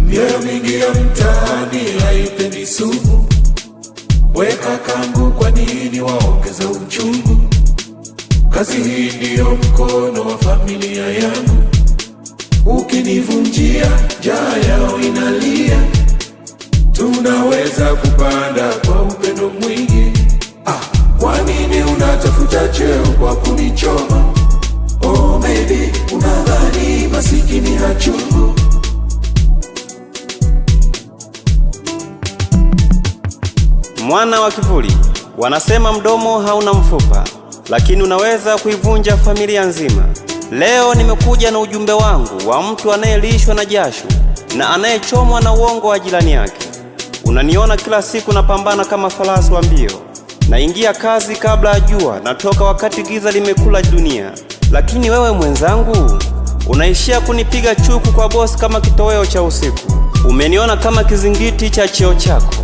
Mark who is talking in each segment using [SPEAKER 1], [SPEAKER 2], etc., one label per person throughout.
[SPEAKER 1] Mioyo mingi ya mtaani haipendi sumu, weka kangu, kwa nini waongeza uchungu? Kazi hii ndiyo mkono wa familia yangu, ukinivunjia njaa yao inalia tunaweza kupanda kwa upendo mwingi. Ah, kwa nini unatafuta cheo kwa kunichoma? Oh, maybe unadhani masikini hachungu
[SPEAKER 2] mwana wa kivuli. Wanasema mdomo hauna mfupa, lakini unaweza kuivunja familia nzima. Leo nimekuja na ujumbe wangu wa mtu anayelishwa na jasho na anayechomwa na uongo wa jirani yake. Unaniona kila siku napambana kama farasi wa mbio, naingia kazi kabla ya jua, natoka wakati giza limekula dunia. Lakini wewe mwenzangu, unaishia kunipiga chuku kwa bosi kama kitoweo cha usiku. Umeniona kama kizingiti cha cheo chako,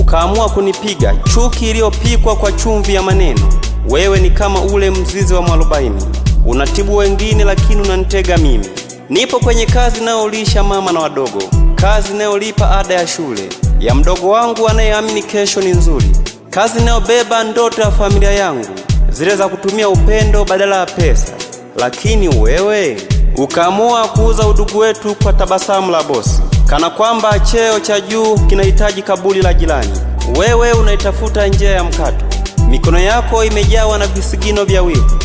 [SPEAKER 2] ukaamua kunipiga chuki iliyopikwa kwa chumvi ya maneno. Wewe ni kama ule mzizi wa mwarobaini, unatibu wengine lakini unanitega mimi. Nipo kwenye kazi inayolisha mama na wadogo, kazi inayolipa ada ya shule ya mdogo wangu anayeamini kesho ni nzuri, kazi inayobeba ndoto ya familia yangu, zile za kutumia upendo badala ya pesa. Lakini wewe ukaamua kuuza udugu wetu kwa tabasamu la bosi, kana kwamba cheo cha juu kinahitaji kaburi la jirani. Wewe unaitafuta njia ya mkato, mikono yako imejawa na visigino vya wivu.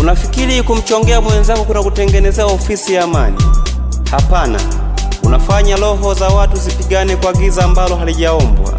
[SPEAKER 2] Unafikiri kumchongea mwenzako kuna kutengenezea ofisi ya amani? Hapana unafanya roho za watu zipigane kwa giza ambalo halijaombwa.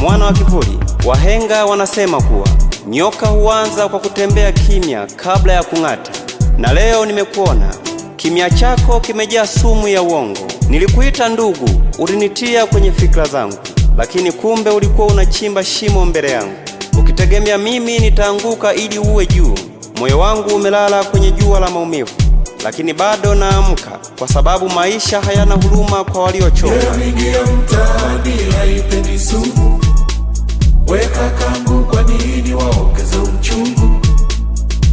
[SPEAKER 2] Mwana wa kivuli, wahenga wanasema kuwa nyoka huanza kwa kutembea kimya kabla ya kung'ata, na leo nimekuona kimya chako kimejaa sumu ya uongo. Nilikuita ndugu, ulinitia kwenye fikra zangu, lakini kumbe ulikuwa unachimba shimo mbele yangu, ukitegemea mimi nitaanguka ili uwe juu. Moyo wangu umelala kwenye jua la maumivu lakini bado naamka, kwa sababu maisha hayana huruma kwa waliochoka.
[SPEAKER 1] Weka kangu, kwa nini waongeze uchungu?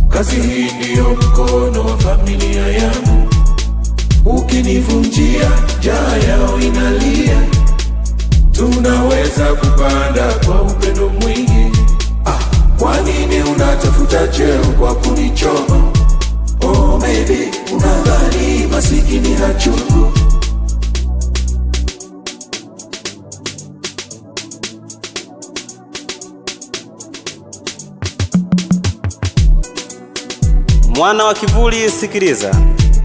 [SPEAKER 1] Kazi hii ndiyo mkono wa familia yangu, ukinivunjia jaa yao inalia. Tunaweza kupanda kwa upendo mwingi. Ah, kwa nini unatafuta cheo kwa kunichoma? chungu
[SPEAKER 2] Mwana wa kivuli, sikiliza.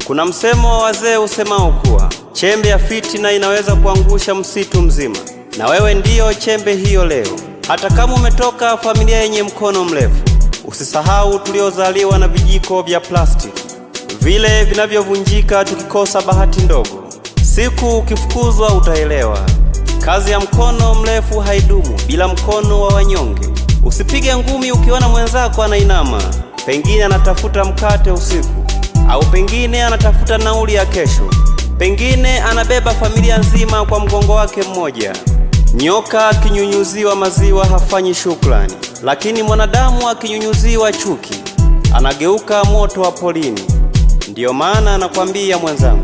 [SPEAKER 2] Kuna msemo wa wazee usemao kuwa chembe ya fitina inaweza kuangusha msitu mzima, na wewe ndiyo chembe hiyo leo. Hata kama umetoka familia yenye mkono mrefu, usisahau tuliozaliwa na vijiko vya plastiki vile vinavyovunjika tukikosa bahati ndogo. Siku ukifukuzwa utaelewa. Kazi ya mkono mrefu haidumu bila mkono wa wanyonge. Usipige ngumi ukiona mwenzako anainama, pengine anatafuta mkate usiku, au pengine anatafuta nauli ya kesho, pengine anabeba familia nzima kwa mgongo wake mmoja. Nyoka akinyunyuziwa maziwa hafanyi shukrani, lakini mwanadamu akinyunyuziwa chuki anageuka moto wa polini. Ndiyo maana nakwambia mwenzangu,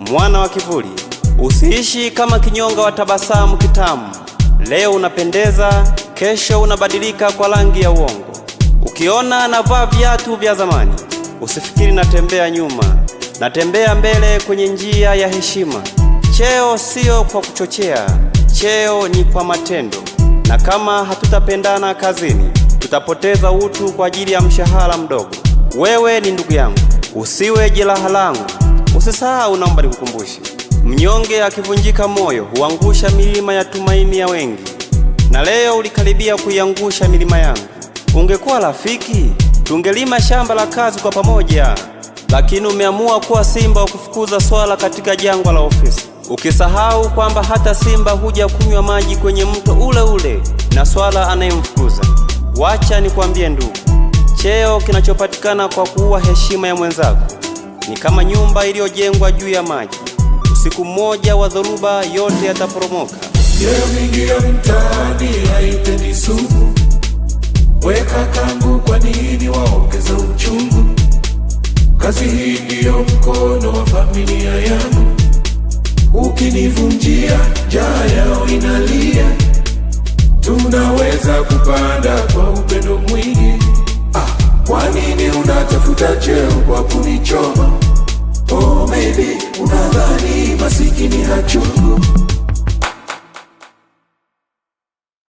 [SPEAKER 2] mwana wa kivuli, usiishi kama kinyonga wa tabasamu kitamu. Leo unapendeza, kesho unabadilika kwa rangi ya uongo. Ukiona anavaa viatu vya zamani, usifikiri natembea nyuma, natembea mbele kwenye njia ya heshima. Cheo siyo kwa kuchochea, cheo ni kwa matendo. Na kama hatutapendana kazini, tutapoteza utu kwa ajili ya mshahara mdogo. Wewe ni ndugu yangu usiwe jeraha langu. Usisahau, naomba nikukumbushe, mnyonge akivunjika moyo huangusha milima ya tumaini ya wengi, na leo ulikaribia kuiangusha milima yangu. Ungekuwa rafiki, tungelima shamba la kazi kwa pamoja, lakini umeamua kuwa simba wa kufukuza swala katika jangwa la ofisi, ukisahau kwamba hata simba huja kunywa maji kwenye mto ule ule na swala anayemfukuza. Wacha nikwambie ndugu Cheo kinachopatikana kwa kuua heshima ya mwenzako ni kama nyumba iliyojengwa juu ya maji. Usiku mmoja wa dhoruba, yote yataporomoka.
[SPEAKER 1] Cheo mingi ya mtaani haitendi sumu. Weka kangu, kwa nini waongeza uchungu? Kazi hii ndiyo mkono wa familia yangu. Ukinivunjia, njaa yao inalia. Tunaweza kupanda kwa upendo kutafuta cheo kwa kunichoma. Oh, maybe unadhani masikini hachungu